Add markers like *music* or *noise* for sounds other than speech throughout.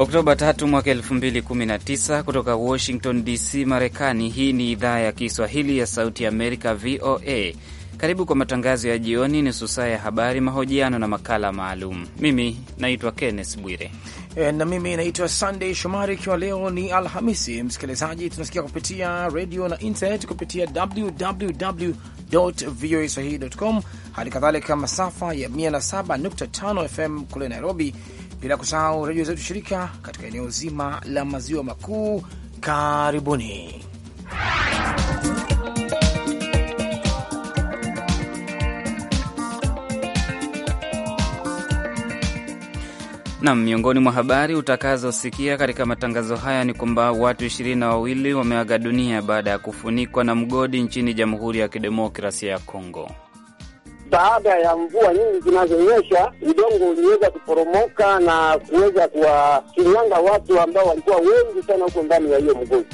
Oktoba 3 mwaka 2019 kutoka Washington DC, Marekani. Hii ni idhaa ya Kiswahili ya Sauti ya Amerika, VOA. Karibu kwa matangazo ya jioni, nusu saa ya habari, mahojiano na makala maalum. Mimi naitwa Kenneth Bwire e, na mimi naitwa Sandey Shomari. Ikiwa leo ni Alhamisi, msikilizaji, tunasikia kupitia redio na internet kupitia www voa swahili com, hali kadhalika masafa ya 107.5 FM kule Nairobi bila kusahau redio zetu shirika katika eneo zima la maziwa makuu. Karibuni. nam miongoni mwa habari utakazosikia katika matangazo haya ni kwamba watu ishirini na wawili wameaga dunia baada ya kufunikwa na mgodi nchini Jamhuri ya Kidemokrasia ya Kongo baada ya mvua nyingi zinazonyesha, udongo uliweza kuporomoka na kuweza kuwakinyanga watu ambao walikuwa wengi sana huko ndani ya hiyo mgozi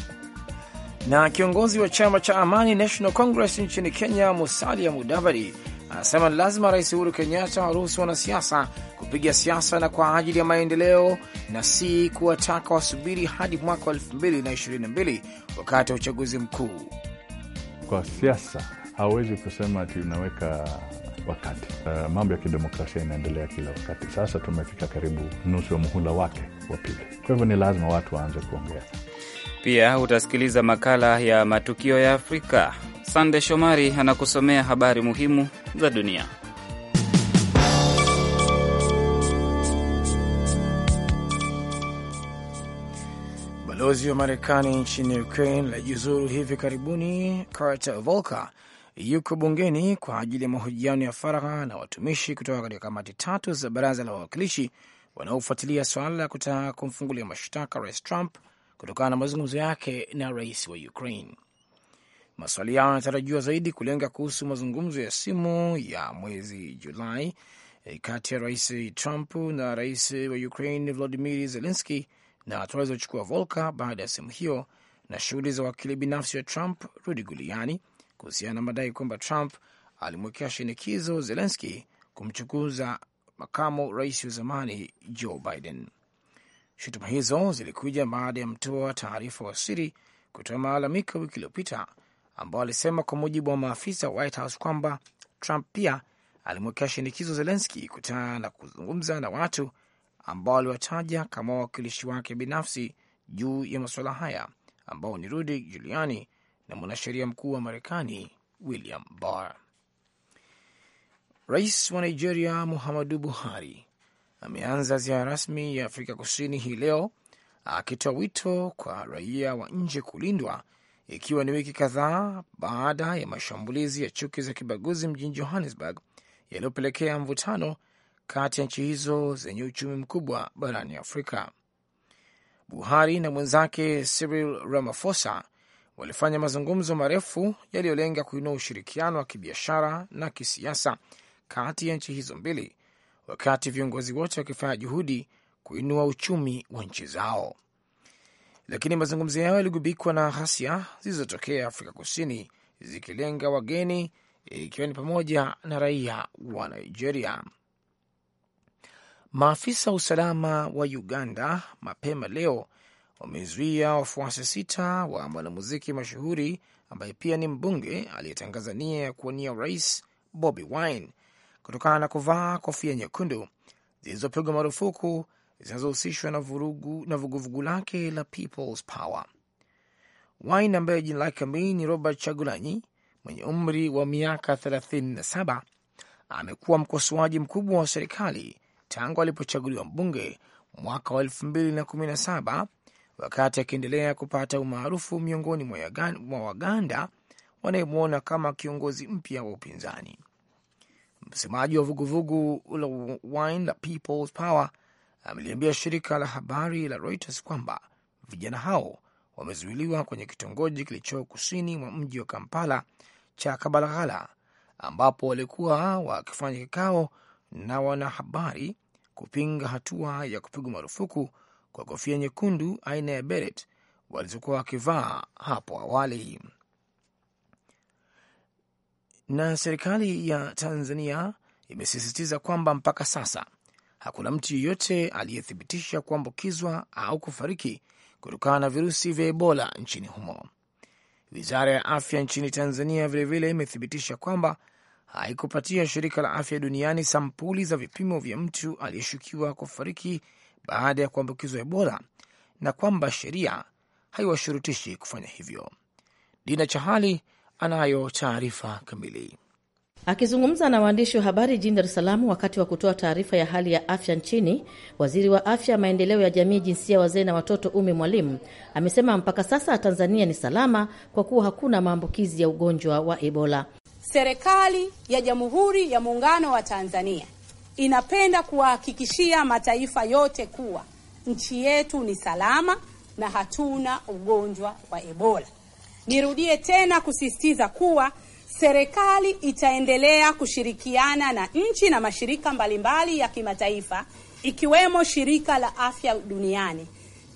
Na kiongozi wa chama cha Amani National Congress nchini Kenya, Musalia Mudavadi, anasema ni lazima Rais Uhuru Kenyatta waruhusu wanasiasa kupiga siasa na kwa ajili ya maendeleo na si kuwataka wasubiri hadi mwaka wa 2022 wakati wa uchaguzi mkuu. Kwa siasa hawezi kusema ati unaweka wakati. Uh, mambo ya kidemokrasia inaendelea kila wakati. Sasa tumefika karibu nusu ya muhula wake wa pili, kwa hivyo ni lazima watu waanze kuongea. Pia utasikiliza makala ya matukio ya Afrika. Sande Shomari anakusomea habari muhimu za dunia. Balozi wa Marekani nchini Ukraine la hivi karibuni Carter Volker yuko bungeni kwa ajili ya mahojiano ya faragha na watumishi kutoka katika kamati tatu za baraza la wawakilishi wanaofuatilia swala la kutaka kumfungulia mashtaka rais Trump kutokana na mazungumzo yake na rais wa Ukraine. Maswali yao yanatarajiwa zaidi kulenga kuhusu mazungumzo ya simu ya mwezi Julai e, kati ya rais Trump na rais wa Ukraine volodimir zelenski na hatua alizochukua Volka baada ya simu hiyo na shughuli za wakili binafsi wa Trump Rudy Giuliani kuhusiana na madai kwamba Trump alimwekea shinikizo Zelenski kumchukuza makamu rais wa zamani Joe Biden. Shutuma hizo zilikuja baada ya mtoa taarifa wa siri kutoa malalamiko wiki iliyopita, ambao alisema kwa mujibu wa maafisa wa White House kwamba Trump pia alimwekea shinikizo Zelenski kutana na kuzungumza na watu ambao aliwataja kama wawakilishi wake binafsi juu ya masuala haya ambao ni Rudy Giuliani na mwanasheria mkuu wa Marekani William Barr. Rais wa Nigeria Muhammadu Buhari ameanza ziara rasmi ya Afrika Kusini hii leo akitoa wito kwa raia wa nje kulindwa, ikiwa ni wiki kadhaa baada ya mashambulizi ya chuki za kibaguzi mjini Johannesburg yaliyopelekea mvutano kati ya nchi hizo zenye uchumi mkubwa barani Afrika. Buhari na mwenzake Cyril Ramaphosa walifanya mazungumzo marefu yaliyolenga kuinua ushirikiano wa kibiashara na kisiasa kati ya nchi hizo mbili, wakati viongozi wote wakifanya juhudi kuinua uchumi wa nchi zao. Lakini mazungumzo yao yaligubikwa na ghasia zilizotokea Afrika Kusini, zikilenga wageni, ikiwa ni pamoja na raia wa Nigeria. Maafisa wa usalama wa Uganda mapema leo wamezuia wafuasi sita wa mwanamuziki mashuhuri ambaye pia ni mbunge aliyetangaza nia ya kuwania urais Bobi Wine kutokana na kuvaa kofia nyekundu zilizopigwa marufuku zinazohusishwa na vurugu na vuguvugu lake la People's Power. Wine ambaye jina lake kamili ni Robert Chagulanyi mwenye umri wa miaka 37 amekuwa mkosoaji mkubwa wa serikali tangu alipochaguliwa mbunge mwaka wa 2017 wakati akiendelea kupata umaarufu miongoni mwa Waganda wanayemwona kama kiongozi mpya wa upinzani. Msemaji wa vuguvugu la Wine la People's Power ameliambia shirika la habari la Reuters kwamba vijana hao wamezuiliwa kwenye kitongoji kilicho kusini mwa mji wa Kampala cha Kabalaghala, ambapo walikuwa wakifanya kikao na wanahabari kupinga hatua ya kupigwa marufuku kwa kofia nyekundu aina ya beret walizokuwa wakivaa hapo awali. Na serikali ya Tanzania imesisitiza kwamba mpaka sasa hakuna mtu yeyote aliyethibitisha kuambukizwa au kufariki kutokana na virusi vya Ebola nchini humo. Wizara ya afya nchini Tanzania vilevile imethibitisha kwamba haikupatia shirika la afya duniani sampuli za vipimo vya mtu aliyeshukiwa kufariki baada ya kuambukizwa Ebola na kwamba sheria haiwashurutishi kufanya hivyo. Dina Chahali anayo taarifa kamili. Akizungumza na waandishi wa habari jijini Dar es Salaam wakati wa kutoa taarifa ya hali ya afya nchini, waziri wa afya, maendeleo ya jamii, jinsia, wazee na watoto, Umi Mwalimu, amesema mpaka sasa Tanzania ni salama kwa kuwa hakuna maambukizi ya ugonjwa wa Ebola. Serikali ya Jamhuri ya Muungano wa Tanzania inapenda kuwahakikishia mataifa yote kuwa nchi yetu ni salama na hatuna ugonjwa wa Ebola. Nirudie tena kusisitiza kuwa serikali itaendelea kushirikiana na nchi na mashirika mbalimbali ya kimataifa ikiwemo Shirika la Afya Duniani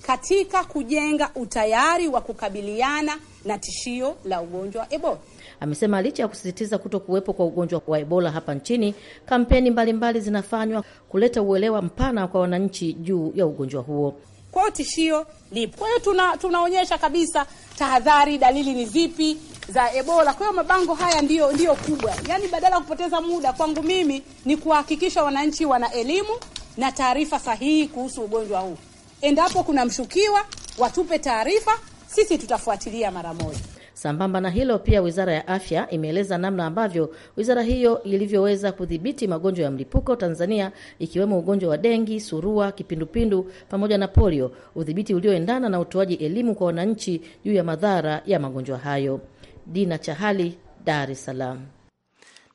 katika kujenga utayari wa kukabiliana na tishio la ugonjwa wa Ebola. Amesema licha ya kusisitiza kuto kuwepo kwa ugonjwa wa Ebola hapa nchini, kampeni mbalimbali mbali zinafanywa kuleta uelewa mpana kwa wananchi juu ya ugonjwa huo. Kwa hiyo tishio lipo, kwa hiyo tuna, tunaonyesha kabisa tahadhari, dalili ni zipi za Ebola. Kwa hiyo mabango haya ndiyo, ndiyo kubwa, yaani badala ya kupoteza muda, kwangu mimi ni kuhakikisha wananchi wana elimu na taarifa sahihi kuhusu ugonjwa huu. Endapo kuna mshukiwa, watupe taarifa, sisi tutafuatilia mara moja. Sambamba na hilo, pia wizara ya afya imeeleza namna ambavyo wizara hiyo ilivyoweza kudhibiti magonjwa ya mlipuko Tanzania, ikiwemo ugonjwa wa dengi, surua, kipindupindu pamoja na polio, udhibiti ulioendana na utoaji elimu kwa wananchi juu ya madhara ya magonjwa hayo. Dina Chahali, Dar es Salaam.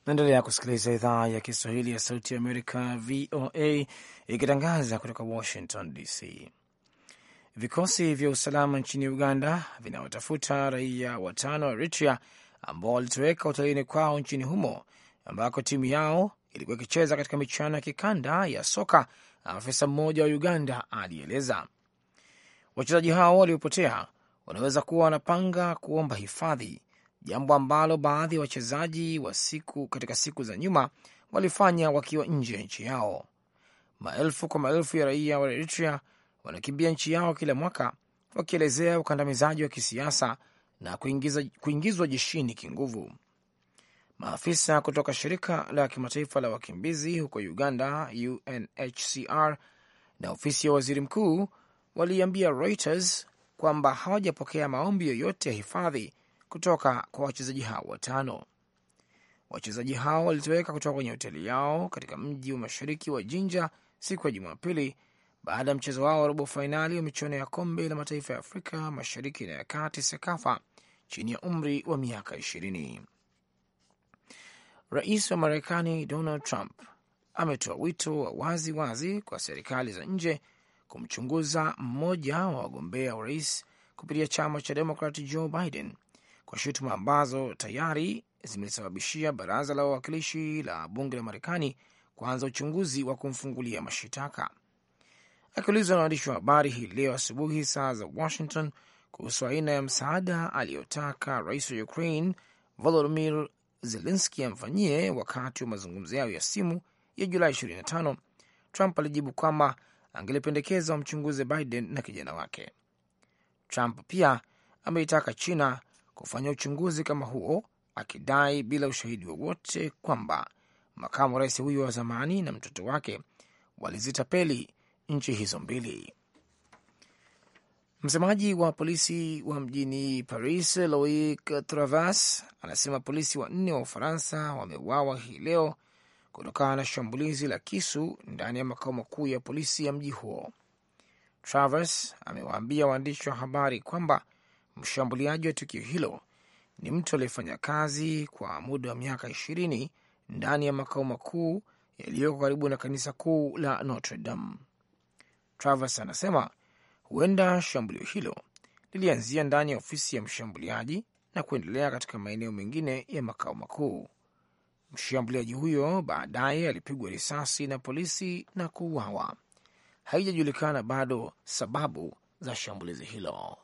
Naendelea kusikiliza idhaa ya Kiswahili ya Sauti ya Amerika, VOA, ikitangaza kutoka Washington DC. Vikosi vya usalama nchini Uganda vinawatafuta raia watano wa Eritrea ambao walitoweka utalini kwao nchini humo ambako timu yao ilikuwa ikicheza katika michuano ya kikanda ya soka, afisa mmoja wa Uganda alieleza. Wachezaji hao waliopotea wanaweza kuwa wanapanga kuomba hifadhi, jambo ambalo baadhi ya wachezaji wa siku katika siku za nyuma walifanya wakiwa nje ya nchi yao. Maelfu kwa maelfu ya raia wa Eritrea wanakimbia nchi yao kila mwaka, wakielezea ukandamizaji wa kisiasa na kuingiza, kuingizwa jeshini kinguvu. Maafisa kutoka shirika la kimataifa la wakimbizi huko Uganda, UNHCR, na ofisi ya waziri mkuu waliambia Reuters kwamba hawajapokea maombi yoyote ya hifadhi kutoka kwa wachezaji hao watano. Wachezaji hao walitoweka kutoka kwenye hoteli yao katika mji wa mashariki wa Jinja siku ya Jumapili baada ya mchezo wao wa robo fainali wa michuano ya kombe la mataifa ya Afrika mashariki na ya kati SEKAFA chini ya umri wa miaka ishirini. Rais wa Marekani Donald Trump ametoa wito wa wazi wazi kwa serikali za nje kumchunguza mmoja wa wagombea urais kupitia chama cha Demokrat Joe Biden kwa shutuma ambazo tayari zimesababishia baraza la wawakilishi la bunge la Marekani kuanza uchunguzi wa kumfungulia mashitaka akiulizwa na waandishi wa habari hii leo asubuhi saa za Washington kuhusu aina ya msaada aliyotaka rais wa Ukraine Volodimir Zelenski amfanyie wakati wa mazungumzo yao ya simu ya Julai 25, Trump alijibu kwamba angelipendekeza wamchunguze Biden na kijana wake. Trump pia ameitaka China kufanya uchunguzi kama huo, akidai bila ushahidi wowote kwamba makamu rais huyo wa zamani na mtoto wake walizitapeli nchi hizo mbili. Msemaji wa polisi wa mjini Paris, Loic Travas, anasema polisi wanne wa Ufaransa wameuawa hii leo kutokana na shambulizi la kisu ndani ya makao makuu ya polisi ya mji huo. Travers amewaambia waandishi wa habari kwamba mshambuliaji wa tukio hilo ni mtu aliyefanya kazi kwa muda wa miaka ishirini ndani ya makao makuu yaliyoko karibu na kanisa kuu la Notre Dame. Travers anasema huenda shambulio hilo lilianzia ndani ya ofisi ya mshambuliaji na kuendelea katika maeneo mengine ya makao makuu. Mshambuliaji huyo baadaye alipigwa risasi na polisi na kuuawa. Haijajulikana bado sababu za shambulizi hilo.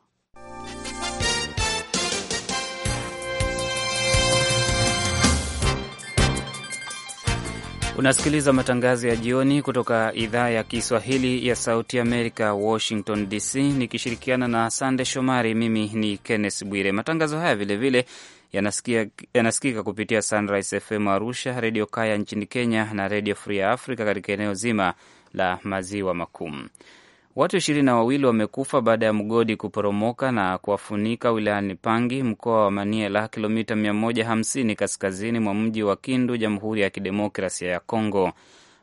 Unasikiliza matangazo ya jioni kutoka idhaa ya Kiswahili ya Sauti Amerika, Washington DC, nikishirikiana na Sande Shomari. Mimi ni Kenneth Bwire. Matangazo haya vilevile yanasikika kupitia Sunrise FM Arusha, Redio Kaya nchini Kenya na Redio Free Africa katika eneo zima la maziwa makuu. Watu ishirini na wawili wamekufa baada ya mgodi kuporomoka na kuwafunika wilayani Pangi, mkoa wa Maniela, kilomita 150 kaskazini mwa mji wa Kindu, Jamhuri ya Kidemokrasia ya Kongo.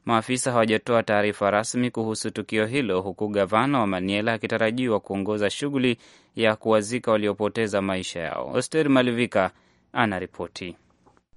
Maafisa hawajatoa taarifa rasmi kuhusu tukio hilo, huku gavana wa Maniela akitarajiwa kuongoza shughuli ya kuwazika waliopoteza maisha yao. Oster Malivika anaripoti.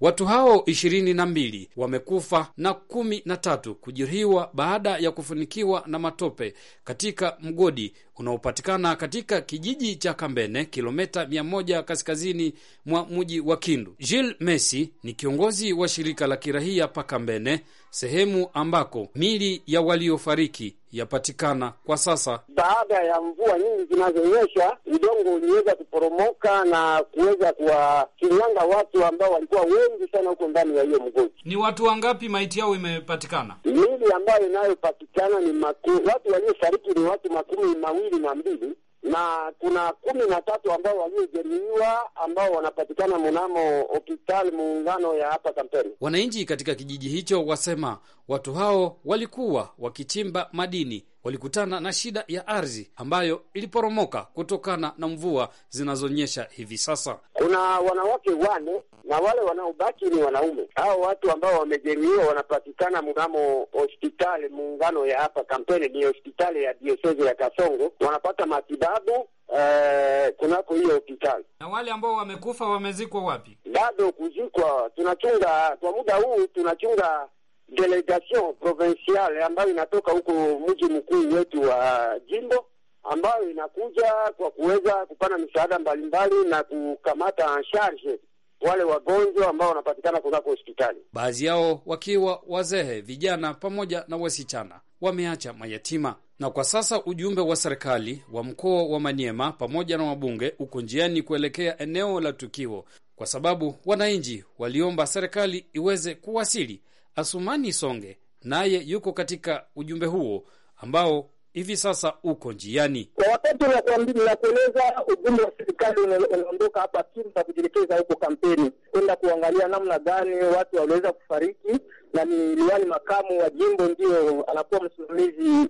Watu hao ishirini na mbili wamekufa na kumi na tatu kujeruhiwa baada ya kufunikiwa na matope katika mgodi unaopatikana katika kijiji cha Kambene, kilomita mia moja kaskazini mwa mji wa Kindu. Gilles Messi ni kiongozi wa shirika la kirahia pa Kambene, sehemu ambako mili ya waliofariki yapatikana kwa sasa baada ya mvua nyingi zinazonyesha, udongo uliweza kuporomoka na kuweza kuwakinyanga watu ambao walikuwa wengi sana huko ndani ya hiyo mgoji Ni watu wangapi maiti yao imepatikana? Miili ambayo inayopatikana ni maku, watu waliofariki ni watu makumi mawili na mbili na kuna kumi na tatu ambao waliojeruhiwa ambao wanapatikana mnamo hospitali muungano ya hapa Kampeni. Wananchi katika kijiji hicho wasema watu hao walikuwa wakichimba madini walikutana na shida ya ardhi ambayo iliporomoka kutokana na mvua zinazonyesha hivi sasa. Kuna wanawake wane na wale wanaobaki ni wanaume. Hao watu ambao wamejeruhiwa wanapatikana mnamo hospitali muungano ya hapa Kampeni, ni hospitali ya diosezi ya Kasongo, wanapata matibabu Uh, kunako hiyo hospitali. Na wale ambao wamekufa wamezikwa wapi? Bado kuzikwa, tunachunga kwa muda huu, tunachunga delegation provinciale ambayo inatoka huko mji mkuu wetu wa jimbo ambayo inakuja kwa kuweza kupana misaada mbalimbali na kukamata en charge wale wagonjwa ambao wanapatikana kunako hospitali, baadhi yao wakiwa wazee, vijana pamoja na wasichana, wameacha mayatima. Na kwa sasa ujumbe wa serikali wa mkoa wa Maniema pamoja na wabunge uko njiani kuelekea eneo la tukio, kwa sababu wananchi waliomba serikali iweze kuwasili Asumani Songe naye yuko katika ujumbe huo ambao hivi sasa uko njiani. Kwa wakati nakueleza, ujumbe wa serikali unaondoka hapa Kinta kujielekeza huko kampeni, kwenda kuangalia namna gani watu waliweza kufariki, na ni liwali makamu wa jimbo ndio anakuwa msimamizi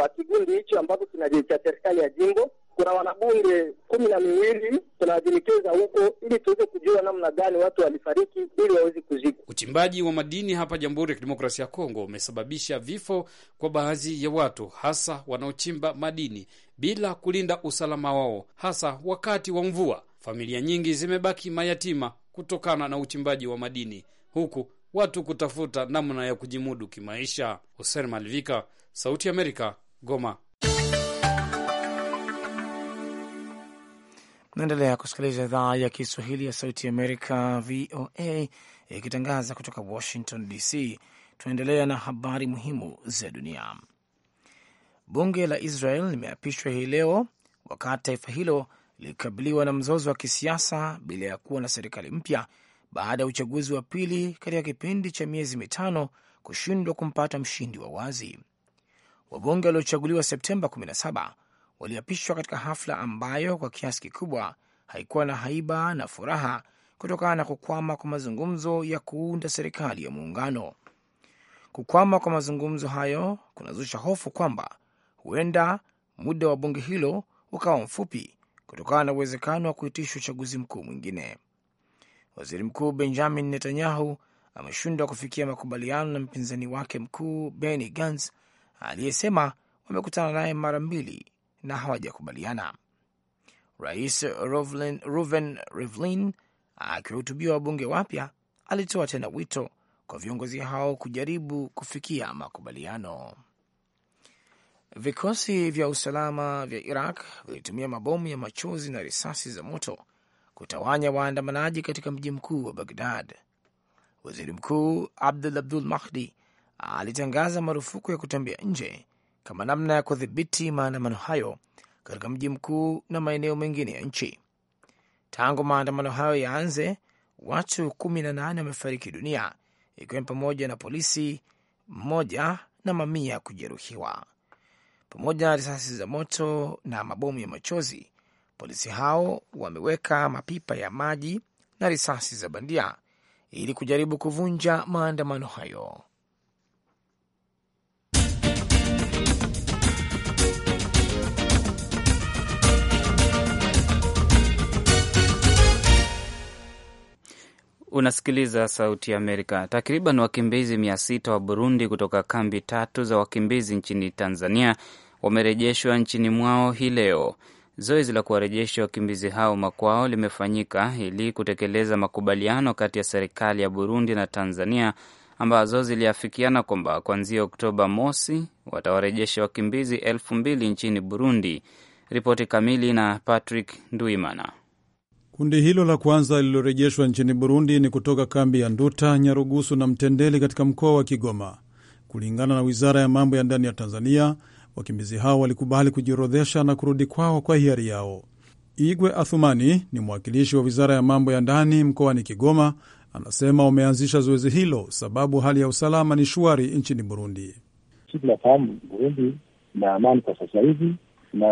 wa kigundi hicho ambacho kina cha serikali ya jimbo kuna wanabunge kumi na miwili tunawajelekeza huko ili tuweze kujua namna gani watu walifariki ili waweze kuzikwa. Uchimbaji wa madini hapa Jamhuri ya Kidemokrasia ya Kongo umesababisha vifo kwa baadhi ya watu, hasa wanaochimba madini bila kulinda usalama wao, hasa wakati wa mvua. Familia nyingi zimebaki mayatima kutokana na uchimbaji wa madini, huku watu kutafuta namna ya kujimudu kimaisha. Hussein Malvika, Sauti ya Amerika, Goma. Naendelea kusikiliza idhaa ya Kiswahili ya Sauti Amerika, VOA, ikitangaza kutoka Washington DC. Tunaendelea na habari muhimu za dunia. Bunge la Israel limeapishwa hii leo wakati taifa hilo lilikabiliwa na mzozo wa kisiasa bila ya kuwa na serikali mpya baada ya uchaguzi wa pili katika kipindi cha miezi mitano kushindwa kumpata mshindi wa wazi. Wabunge waliochaguliwa Septemba 17 waliapishwa katika hafla ambayo kwa kiasi kikubwa haikuwa na haiba na furaha kutokana na kukwama kwa mazungumzo ya kuunda serikali ya muungano. Kukwama kwa mazungumzo hayo kunazusha hofu kwamba huenda muda wa bunge hilo ukawa mfupi kutokana na uwezekano wa kuitishwa uchaguzi mkuu mwingine. Waziri Mkuu Benjamin Netanyahu ameshindwa kufikia makubaliano na mpinzani wake mkuu Benny Gantz aliyesema wamekutana naye mara mbili na hawajakubaliana. Rais Ruven Rivlin akiwahutubia wabunge wapya alitoa tena wito kwa viongozi hao kujaribu kufikia makubaliano. Vikosi vya usalama vya Iraq vilitumia mabomu ya machozi na risasi za moto kutawanya waandamanaji katika mji mkuu wa Bagdad. Waziri Mkuu Abdul Abdul Mahdi alitangaza marufuku ya kutembea nje kama namna ya kudhibiti maandamano hayo katika mji mkuu na maeneo mengine ya nchi. Tangu maandamano hayo yaanze, watu kumi na nane wamefariki dunia ikiwemo pamoja na polisi mmoja na mamia kujeruhiwa, pamoja na risasi za moto na mabomu ya machozi. Polisi hao wameweka mapipa ya maji na risasi za bandia ili kujaribu kuvunja maandamano hayo. Unasikiliza Sauti ya Amerika. Takriban wakimbizi mia sita wa Burundi kutoka kambi tatu za wakimbizi nchini Tanzania wamerejeshwa nchini mwao hii leo. Zoezi la kuwarejesha wakimbizi hao makwao limefanyika ili kutekeleza makubaliano kati ya serikali ya Burundi na Tanzania ambazo ziliafikiana kwamba kuanzia Oktoba mosi watawarejesha wakimbizi elfu mbili nchini Burundi. Ripoti kamili na Patrick Nduimana. Kundi hilo la kwanza lililorejeshwa nchini Burundi ni kutoka kambi ya Nduta, Nyarugusu na Mtendeli katika mkoa wa Kigoma. Kulingana na wizara ya mambo ya ndani ya Tanzania, wakimbizi hao walikubali kujiorodhesha na kurudi kwao kwa hiari yao. Igwe Athumani ni mwakilishi wa wizara ya mambo ya ndani mkoani Kigoma, anasema wameanzisha zoezi hilo sababu hali ya usalama ni shwari nchini Burundi. Sisi tunafahamu Burundi na amani kwa sasa hivi, na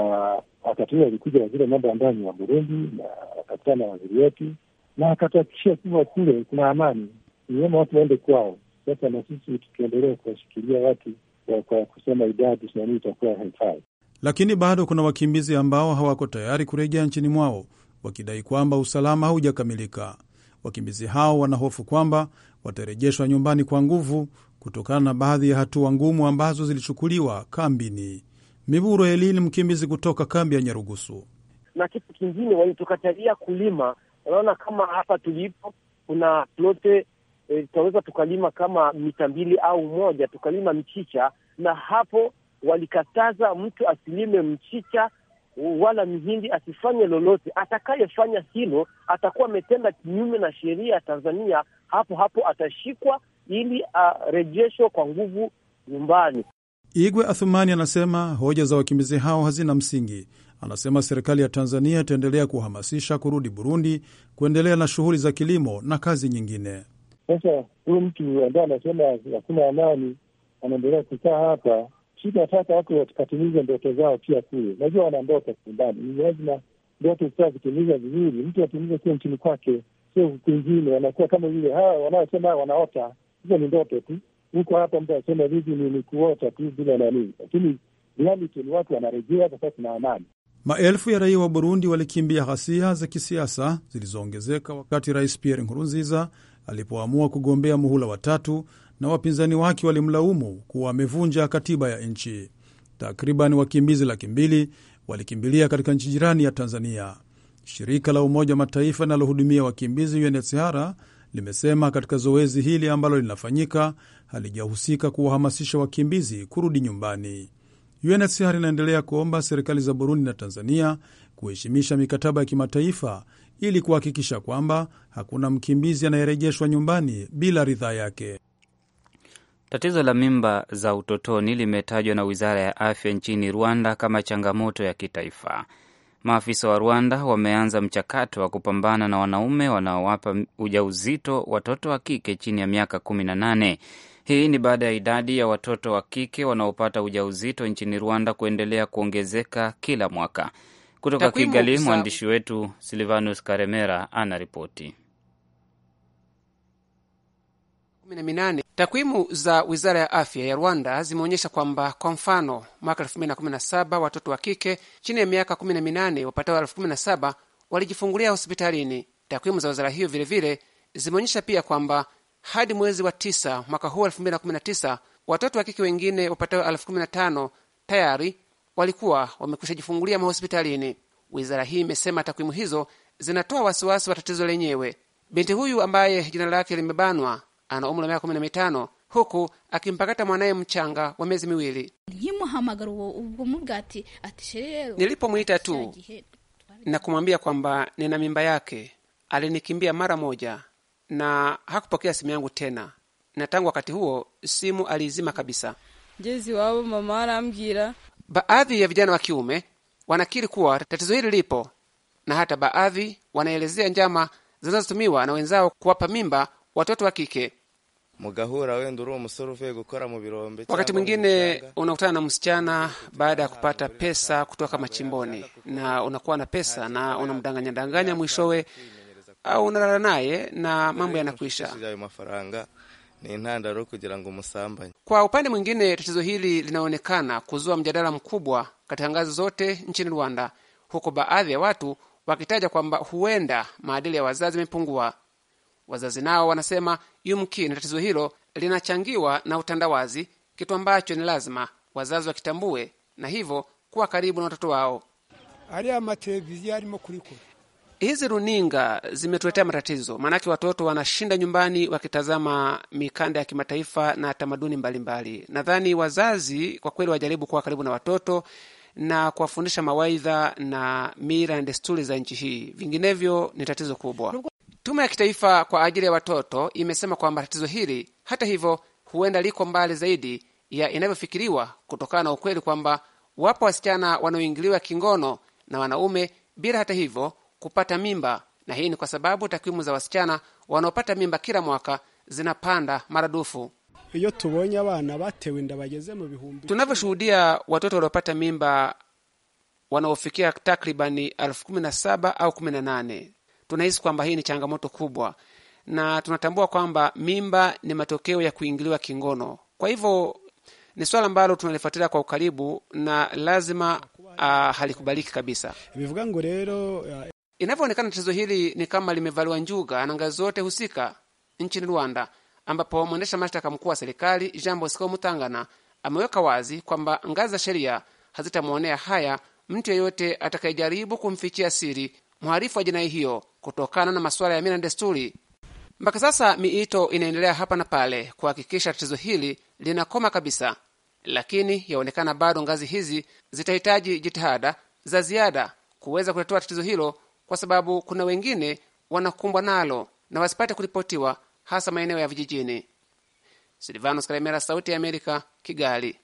wakati huo alikuja waziri wa mambo ya ndani wa Burundi na akakutana na waziri wetu na akatuhakikishia kuwa kule kuna amani, ni vyema watu waende kwao. Sasa na sisi tukiendelea kuwashikilia watu kwa kusema idadi nanii itakuwa haifai, lakini bado kuna wakimbizi ambao hawako tayari kurejea nchini mwao wakidai kwamba usalama haujakamilika. Wakimbizi hao wanahofu kwamba watarejeshwa nyumbani kwa nguvu kutokana na baadhi ya hatua ngumu ambazo zilichukuliwa kambini. Miburo Elini, mkimbizi kutoka kambi ya Nyarugusu. Na kitu kingine walitukatalia kulima. Unaona, kama hapa tulipo kuna plote e, tunaweza tukalima kama mita mbili au moja tukalima mchicha, na hapo walikataza mtu asilime mchicha wala mihindi, asifanye lolote. Atakayefanya hilo atakuwa ametenda kinyume na sheria ya Tanzania, hapo hapo atashikwa ili arejeshwe kwa nguvu nyumbani. Igwe Athumani anasema hoja za wakimbizi hao hazina msingi. Anasema serikali ya Tanzania itaendelea kuhamasisha kurudi Burundi, kuendelea na shughuli za kilimo na kazi nyingine. Sasa huyu mtu ambaye anasema hakuna amani, anaendelea kukaa hapa, shida sasa watu wakatimiza ndoto zao pia kule. Najua wana ndoto nyumbani, ni lazima ndoto ukaa kutimiza vizuri, mtu atimiza sio nchini kwake, sio kwingine. Wanakuwa kama vile hawa wanaosema wanaota, hizo ni ndoto tu huko hapa, mtu asema hivi ni nikuota tu bila nani, lakini reality ni watu wanarejea sasa, tuna amani. Maelfu ya raia wa Burundi walikimbia ghasia za kisiasa zilizoongezeka wakati Rais Pierre Nkurunziza alipoamua kugombea muhula wa tatu, na wapinzani wake walimlaumu kuwa amevunja katiba ya nchi. Takriban wakimbizi laki mbili walikimbilia katika nchi jirani ya Tanzania. Shirika la Umoja wa Mataifa linalohudumia wakimbizi UNHCR limesema katika zoezi hili ambalo linafanyika halijahusika kuwahamasisha wakimbizi kurudi nyumbani. UNHCR inaendelea kuomba serikali za Burundi na Tanzania kuheshimisha mikataba ya kimataifa ili kuhakikisha kwamba hakuna mkimbizi anayerejeshwa nyumbani bila ridhaa yake. Tatizo la mimba za utotoni limetajwa na wizara ya afya nchini Rwanda kama changamoto ya kitaifa. Maafisa wa Rwanda wameanza mchakato wa kupambana na wanaume wanaowapa ujauzito watoto wa kike chini ya miaka nane hii ni baada ya idadi ya watoto wa kike wanaopata ujauzito nchini Rwanda kuendelea kuongezeka kila mwaka. Kutoka Kigali, mwandishi wetu Silvanus Karemera anaripoti. Takwimu za wizara ya afya ya Rwanda zimeonyesha kwamba kwa mfano, mwaka 2017 watoto wa kike chini ya miaka 18 wapatao 17 walijifungulia hospitalini. Takwimu za wizara hiyo vilevile zimeonyesha pia kwamba hadi mwezi wa tisa mwaka huu tisa watoto wa kike wengine wapatao elfu kumi na tano tayari walikuwa wamekwisha jifungulia mahospitalini. Wizara hii imesema takwimu hizo zinatoa wasiwasi wa tatizo lenyewe. Binti huyu ambaye jina lake limebanwa ana umri wa miaka kumi na mitano huku akimpakata mwanaye mchanga wa miezi miwili. Nilipomwita tu na kumwambia kwamba nina mimba yake, alinikimbia mara moja na hakupokea simu yangu tena, na tangu wakati huo simu aliizima kabisa. Jezi wao mama arambwira. Baadhi ya vijana wa kiume wanakiri kuwa tatizo hili lipo, na hata baadhi wanaelezea njama zinazotumiwa na wenzao kuwapa mimba watoto wa kike. Mugahura wenda uri umusore uvuye gukora mu birombe. Wakati mwingine unakutana na msichana baada ya kupata pesa kutoka machimboni, na unakuwa na pesa na unamdanganyadanganya, mwishowe au unalala naye na mambo yanakwisha. Kwa upande mwingine, tatizo hili linaonekana kuzua mjadala mkubwa katika ngazi zote nchini Rwanda, huku baadhi ya watu wakitaja kwamba huenda maadili ya wazazi yamepungua. Wazazi nao wanasema yumkini tatizo hilo linachangiwa na utandawazi, kitu ambacho ni lazima wazazi wakitambue na hivyo kuwa karibu na watoto wao hizi runinga zimetuletea matatizo, maanake watoto wanashinda nyumbani wakitazama mikanda ya kimataifa na tamaduni mbalimbali. Nadhani wazazi kwa kweli wajaribu kuwa karibu na watoto na kuwafundisha mawaidha na mila na desturi za nchi hii, vinginevyo ni tatizo kubwa. Tume ya Kitaifa kwa ajili ya Watoto imesema kwamba tatizo hili hata hivyo huenda liko mbali zaidi ya inavyofikiriwa kutokana na ukweli kwamba wapo wasichana wanaoingiliwa kingono na wanaume bila hata hivyo kupata mimba, na hii ni kwa sababu takwimu za wasichana wanaopata mimba kila mwaka zinapanda maradufu. Tunavyoshuhudia watoto waliopata mimba wanaofikia takribani elfu kumi na saba au kumi na nane tunahisi kwamba hii ni changamoto kubwa, na tunatambua kwamba mimba ni matokeo ya kuingiliwa kingono. Kwa hivyo ni swala ambalo tunalifuatilia kwa ukaribu na lazima uh, halikubaliki kabisa. Inavyoonekana, tatizo hili ni kama limevaliwa njuga na ngazi zote husika nchini Rwanda, ambapo mwendesha mashtaka mkuu wa serikali Jean Bosco Mutangana ameweka wazi kwamba ngazi za sheria hazitamwonea haya mtu yeyote atakayejaribu kumfichia siri mhalifu wa jinai hiyo kutokana na masuala ya mila na desturi. Mpaka sasa miito inaendelea hapa na pale kuhakikisha tatizo hili linakoma kabisa, lakini yaonekana bado ngazi hizi zitahitaji jitihada za ziada kuweza kutatua tatizo hilo kwa sababu kuna wengine wanakumbwa nalo na wasipate kuripotiwa, hasa maeneo ya vijijini. Silvanos Karemera, Sauti ya Amerika, Kigali.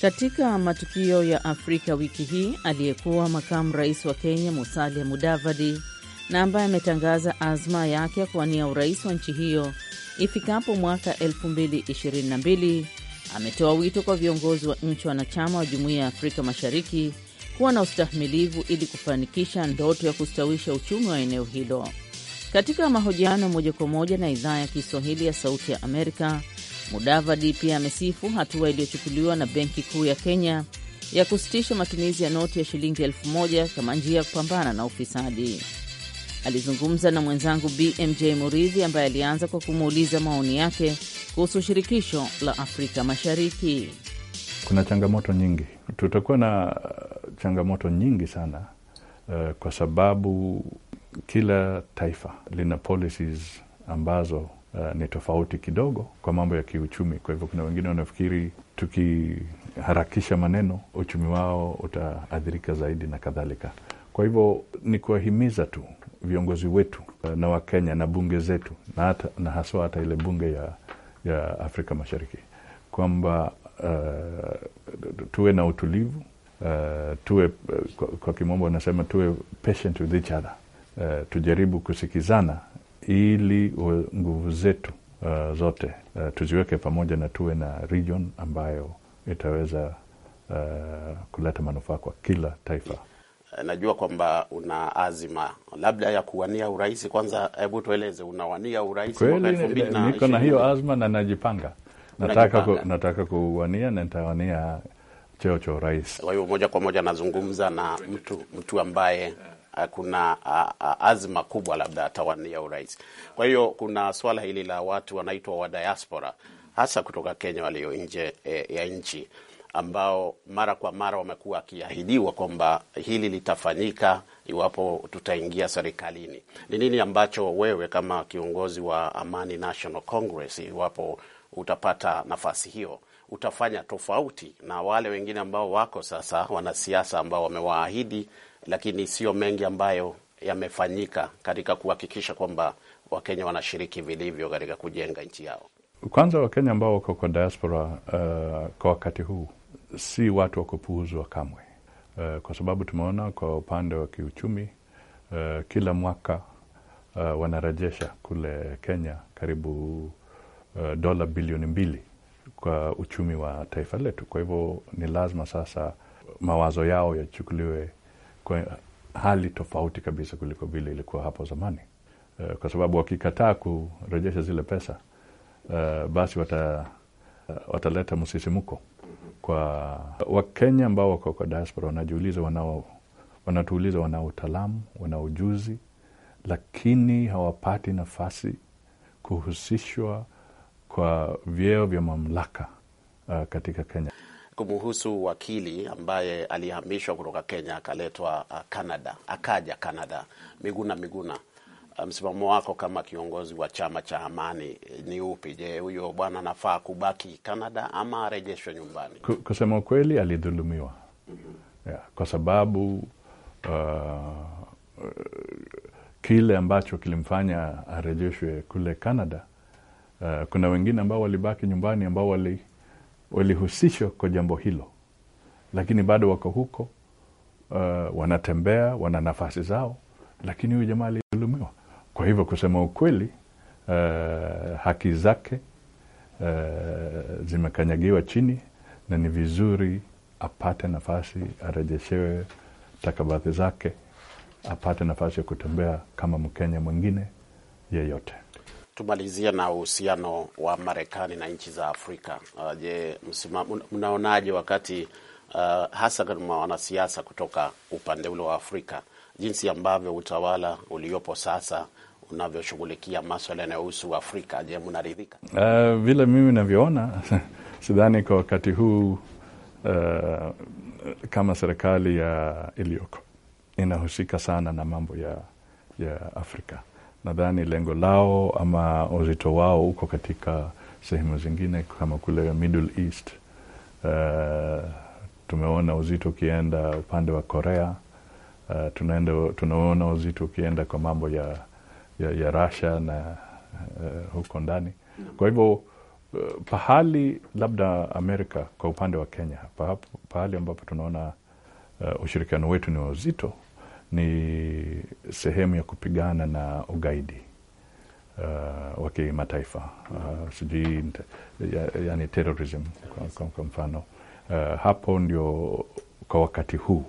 Katika matukio ya Afrika wiki hii, aliyekuwa makamu rais wa Kenya Musalia Mudavadi na ambaye ametangaza azma yake ya kuwania urais wa nchi hiyo ifikapo mwaka 2022 ametoa wito kwa viongozi wa nchi wanachama wa Jumuiya ya Afrika Mashariki kuwa na ustahimilivu ili kufanikisha ndoto ya kustawisha uchumi wa eneo hilo. Katika mahojiano moja kwa moja na idhaa ya Kiswahili ya Sauti ya Amerika, Mudavadi pia amesifu hatua iliyochukuliwa na Benki Kuu ya Kenya ya kusitisha matumizi ya noti ya shilingi elfu moja kama njia ya kupambana na ufisadi. Alizungumza na mwenzangu BMJ Muridhi ambaye alianza kwa kumuuliza maoni yake kuhusu shirikisho la Afrika Mashariki. Kuna changamoto nyingi, tutakuwa na uh, changamoto nyingi sana uh, kwa sababu kila taifa lina policies ambazo uh, ni tofauti kidogo kwa mambo ya kiuchumi. Kwa hivyo kuna wengine wanafikiri tukiharakisha maneno uchumi wao utaathirika zaidi na kadhalika. Kwa hivyo ni kuwahimiza tu viongozi wetu eh, na Wakenya na bunge zetu na, hata, na haswa hata ile bunge ya, ya Afrika Mashariki kwamba uh, tuwe na utulivu uh, tuwe kwa, kwa kimombo wanasema tuwe patient with each other uh, tujaribu kusikizana ili nguvu zetu uh, zote uh, tuziweke pamoja na tuwe na region ambayo itaweza uh, kuleta manufaa kwa kila taifa. Eh, najua kwamba una azima labda ya kuwania urais. Kwanza hebu tueleze, unawania urais na niko na hiyo azma na najipanga, nataka ku, nataka kuwania na nitawania cheo cha urais. Kwa hivyo moja kwa moja nazungumza na mtu mtu ambaye eh, kuna azma kubwa, labda atawania urais. Kwa hiyo kuna swala hili la watu wanaitwa wa diaspora, hasa kutoka Kenya walio nje e, ya nchi ambao mara kwa mara wamekuwa wakiahidiwa kwamba hili litafanyika iwapo tutaingia serikalini. Ni nini ambacho wewe kama kiongozi wa Amani National Congress, iwapo utapata nafasi hiyo, utafanya tofauti na wale wengine ambao wako sasa, wanasiasa ambao wamewaahidi, lakini sio mengi ambayo yamefanyika katika kuhakikisha kwamba Wakenya wanashiriki vilivyo katika kujenga nchi yao? Kwanza Wakenya ambao wako kwa diaspora uh, kwa wakati huu si watu wa kupuuzwa kamwe, uh, kwa sababu tumeona kwa upande wa kiuchumi uh, kila mwaka uh, wanarejesha kule Kenya karibu uh, dola bilioni mbili kwa uchumi wa taifa letu. Kwa hivyo ni lazima sasa mawazo yao yachukuliwe kwa hali tofauti kabisa kuliko vile ilikuwa hapo zamani, uh, kwa sababu wakikataa kurejesha zile pesa uh, basi wata, uh, wataleta msisimuko kwa Wakenya ambao wako kwa diaspora wanajiuliza, wanao wanatuuliza, wana utaalamu, wana ujuzi, lakini hawapati nafasi kuhusishwa kwa vyeo vya mamlaka uh, katika Kenya. Kumuhusu wakili ambaye alihamishwa kutoka Kenya akaletwa uh, Canada, akaja Canada, Miguna Miguna Ah, msimamo wako kama kiongozi wa chama cha Amani eh, ni upi? Je, huyo bwana anafaa kubaki Canada ama arejeshwe nyumbani? Kusema ukweli, alidhulumiwa mm -hmm. yeah, kwa sababu uh, kile ambacho kilimfanya arejeshwe kule Canada uh, kuna wengine ambao walibaki nyumbani ambao walihusishwa wali kwa jambo hilo, lakini bado wako huko uh, wanatembea, wana nafasi zao, lakini huyu jamaa kwa hivyo kusema ukweli, uh, haki zake uh, zimekanyagiwa chini na ni vizuri apate nafasi, arejeshewe takabadhi zake, apate nafasi ya kutembea kama Mkenya mwingine yeyote. Tumalizie na uhusiano wa Marekani na nchi za Afrika. Uh, je, mnaonaje wakati uh, hasa kama wanasiasa kutoka upande ule wa Afrika, jinsi ambavyo utawala uliopo sasa mnavyoshughulikia maswala yanayohusu Afrika. Je, mnaridhika? Uh, vile mimi navyoona *laughs* sidhani kwa wakati huu uh, kama serikali ya iliyoko inahusika sana na mambo ya, ya Afrika. Nadhani lengo lao ama uzito wao uko katika sehemu zingine kama kule Middle East. Uh, tumeona uzito ukienda upande wa Korea. Uh, tunaenda tunaona uzito ukienda kwa mambo ya ya, ya Russia na uh, huko ndani. Kwa hivyo eh, pahali labda Amerika kwa upande wa Kenya pahali ambapo tunaona uh, ushirikiano wetu ni wazito ni sehemu ya kupigana na ugaidi uh, wa kimataifa uh, sijui yani terrorism kwa, kwa mfano uh, hapo ndio kwa wakati huu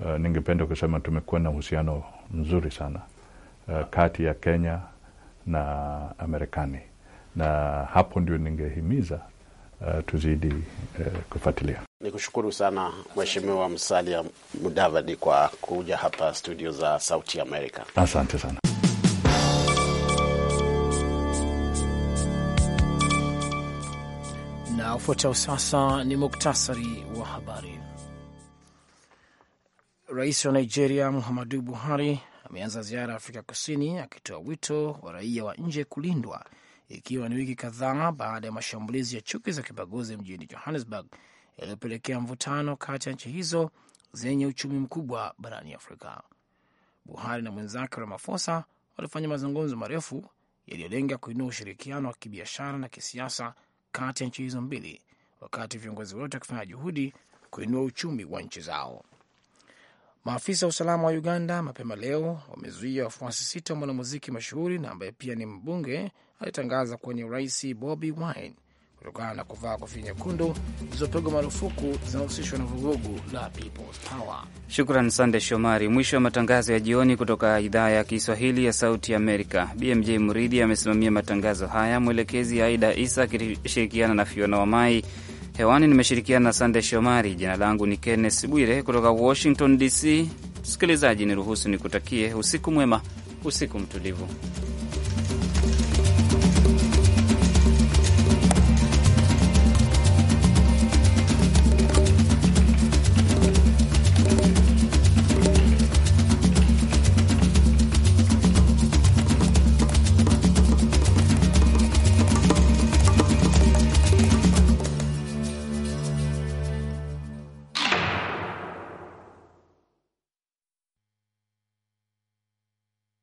uh, ningependa kusema tumekuwa na uhusiano mzuri sana uh, kati ya Kenya na Amerikani, na hapo ndio ningehimiza uh, tuzidi uh, kufuatilia. Ni kushukuru sana Mheshimiwa Musalia Mudavadi kwa kuja hapa studio za Sauti Amerika. Asante sana. Na ufuatao sasa ni muktasari wa habari. Rais wa Nigeria Muhammadu Buhari ameanza ziara ya Afrika Kusini akitoa wito wa raia wa nje kulindwa, ikiwa ni wiki kadhaa baada ya mashambulizi ya chuki za kibaguzi mjini Johannesburg yaliyopelekea mvutano kati ya nchi hizo zenye uchumi mkubwa barani Afrika. Buhari na mwenzake ramafosa walifanya mazungumzo marefu yaliyolenga kuinua ushirikiano wa kibiashara na kisiasa kati ya nchi hizo mbili, wakati viongozi wote wakifanya juhudi kuinua uchumi wa nchi zao. Maafisa wa usalama wa Uganda mapema leo wamezuia wafuasi sita wa mwanamuziki mashuhuri na ambaye pia ni mbunge alitangaza kwenye urais Bobi Wine kutokana na kuvaa kofia nyekundu zilizopigwa marufuku zinahusishwa na vuguvugu la People's Power. Shukran Sande Shomari. Mwisho wa matangazo ya jioni kutoka idhaa ya Kiswahili ya Sauti ya Amerika. BMJ Mridhi amesimamia matangazo haya, mwelekezi Aida Isa akishirikiana na Fiona Wamai. Hewani nimeshirikiana na Sande Shomari. Jina langu ni Kenneth Bwire kutoka Washington DC. Msikilizaji, niruhusu nikutakie usiku mwema, usiku mtulivu.